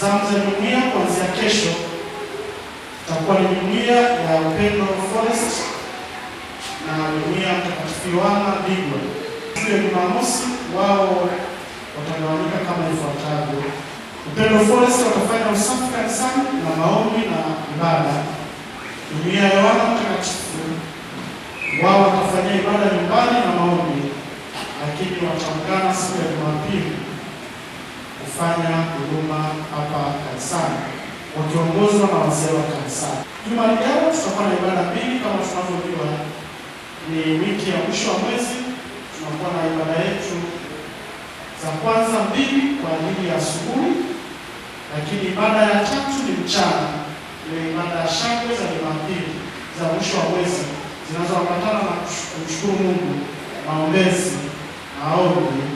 zamu za jumuiya kuanzia kesho itakuwa ni jumuiya ya Upendo Forest na jumuiya ya Mtakatifu Bigwa. Siku ya Jumamosi wao watagawanyika kama ifuatavyo: Upendo Forest watafanya usafi kanisani na maombi na ibada. Jumuiya ya Yohana Mtakatifu wao watafanya ibada nyumbani na maombi, lakini wataungana siku ya Jumapili kufanya huduma hapa kanisani wakiongozwa na wazee wa kanisani. Juma lijalo tutakuwa na ibada mbili kama tunavyojua, ni wiki ya mwisho wa mwezi tunakuwa na ibada yetu za kwanza mbili kwa ajili ya asubuhi, lakini ibada ya tatu ni mchana, ni ibada ya shangwe za Jumapili za mwisho wa mwezi zinazoambatana na kumshukuru Mungu, maombezi, maombi